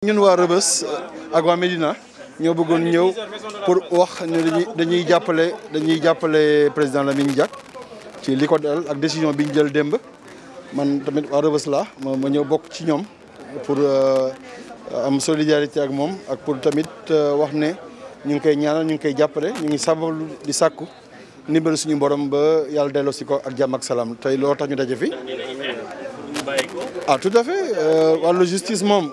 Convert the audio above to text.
ñun wa rebeus ak wa medina ñoo bëggoon ñëw pour wax ñu dañuy jappalé dañuy jappalé président Lamine diak ci liko dal ak décision biñu jël demb man tamit wa rebeus la ma ñëw bok ci ñom pour euh, am solidarité ak mom ak pour tamit euh, wax ne ñu ngi koy ñaanal ñu ngi koy jappalé ñu ngi sabal di sakku nimbal suñu borom ba yalla delloo ci ko ak jàmm ak salam tay lo tax ñu dajé fi ah tout à fait euh, wa justice mom